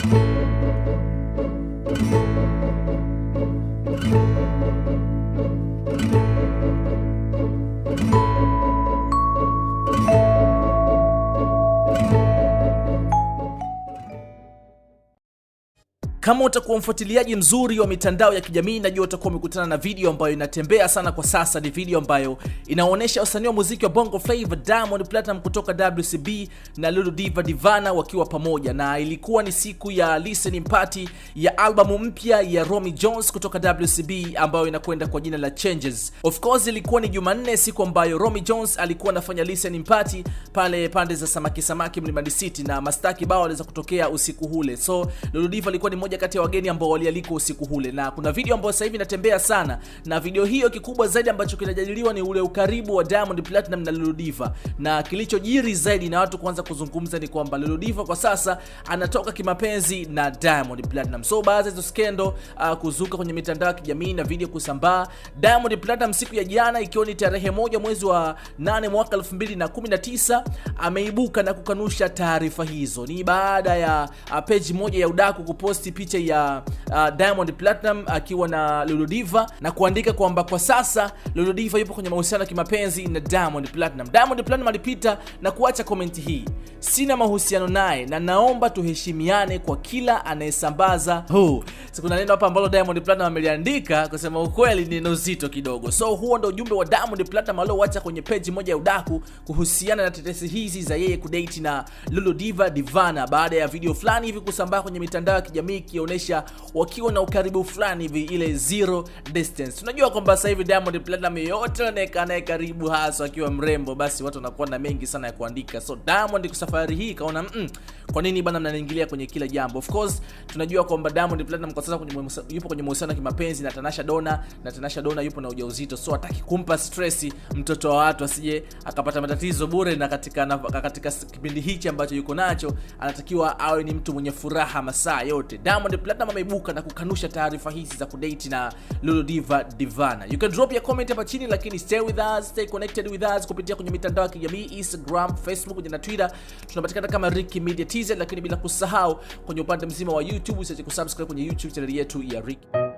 Thank you. Kama utakuwa mfuatiliaji mzuri wa mitandao ya kijamii, najua utakuwa umekutana na video ambayo inatembea sana kwa sasa. Ni video ambayo inaonyesha wasanii wa muziki wa Bongo Flava Diamond Platinum kutoka WCB na Lulu Diva Divana wakiwa pamoja, na ilikuwa ni siku ya listening party ya albamu mpya ya Romy Jones kutoka WCB ambayo inakwenda kwa jina la Changes. Of course ilikuwa ni Jumanne, siku ambayo Romy Jones alikuwa anafanya listening party pale pande za Samaki Samaki Mlimani City, na mastaki bao aliweza kutokea usiku ule, so Lulu Diva alikuwa ni mmoja kati ya wageni ambao walialikwa usiku ule, na kuna video ambayo sasa hivi inatembea sana, na video hiyo kikubwa zaidi ambacho kinajadiliwa ni ule ukaribu wa Diamond Platinum na Lulu Diva, na kilichojiri zaidi na watu kuanza kuzungumza ni kwamba Lulu Diva kwa sasa anatoka kimapenzi na Diamond Platinum. So baadhi ya hizo skendo uh, kuzuka kwenye mitandao ya kijamii na video kusambaa. Diamond Platinum siku ya jana, ikiwa ni tarehe moja mwezi wa 8 mwaka 2019 ameibuka na kukanusha taarifa hizo. Ni baada ya uh, page moja ya udaku kuposti picha ya uh, Diamond Platinum akiwa na Luludiva na kuandika kwamba kwa sasa Luludiva yupo kwenye mahusiano ya kimapenzi na Diamond Platinum. Diamond Platinum alipita na kuacha komenti hii, sina mahusiano naye na naomba tuheshimiane kwa kila anayesambaza huu. So, kuna neno hapa ambalo Diamond Platinum ameliandika, kusema ukweli ni neno zito kidogo. So huo ndio ujumbe wa Diamond Platinum alioacha kwenye peji moja ya udaku kuhusiana na tetesi hizi za yeye kudate na Luludiva Divana baada ya video fulani hivi kusambaa kwenye mitandao ya kijamii ikionyesha wakiwa na ukaribu fulani hivi, ile zero distance. tunajua kwamba sasa hivi Diamond Platinum yote anaeka naye karibu, hasa akiwa mrembo, basi watu wanakuwa na mengi sana ya kuandika. So Diamond kwa safari hii kaona mm, kwa nini bana mnaniingilia kwenye kila jambo? Of course tunajua kwamba Diamond Platinum kwa sasa kwenye mwemusa, yupo kwenye mahusiano ya kimapenzi na Tanasha dona na Tanasha dona yupo na ujauzito, so hataki kumpa stress mtoto wa watu asije akapata matatizo bure, na katika na, katika kipindi hichi ambacho yuko nacho anatakiwa awe ni mtu mwenye furaha masaa yote Damond Diamond Platinum ameibuka na kukanusha taarifa hizi za kudate na Luludiva Divana. You can drop your comment hapa chini, lakini stay with us, stay connected with us kupitia kwenye mitandao ya kijamii Instagram, Facebook na Twitter. Tunapatikana kama Ricky Media TZ, lakini bila kusahau kwenye upande mzima wa YouTube, usiache kusubscribe kwenye YouTube channel yetu ya Ricky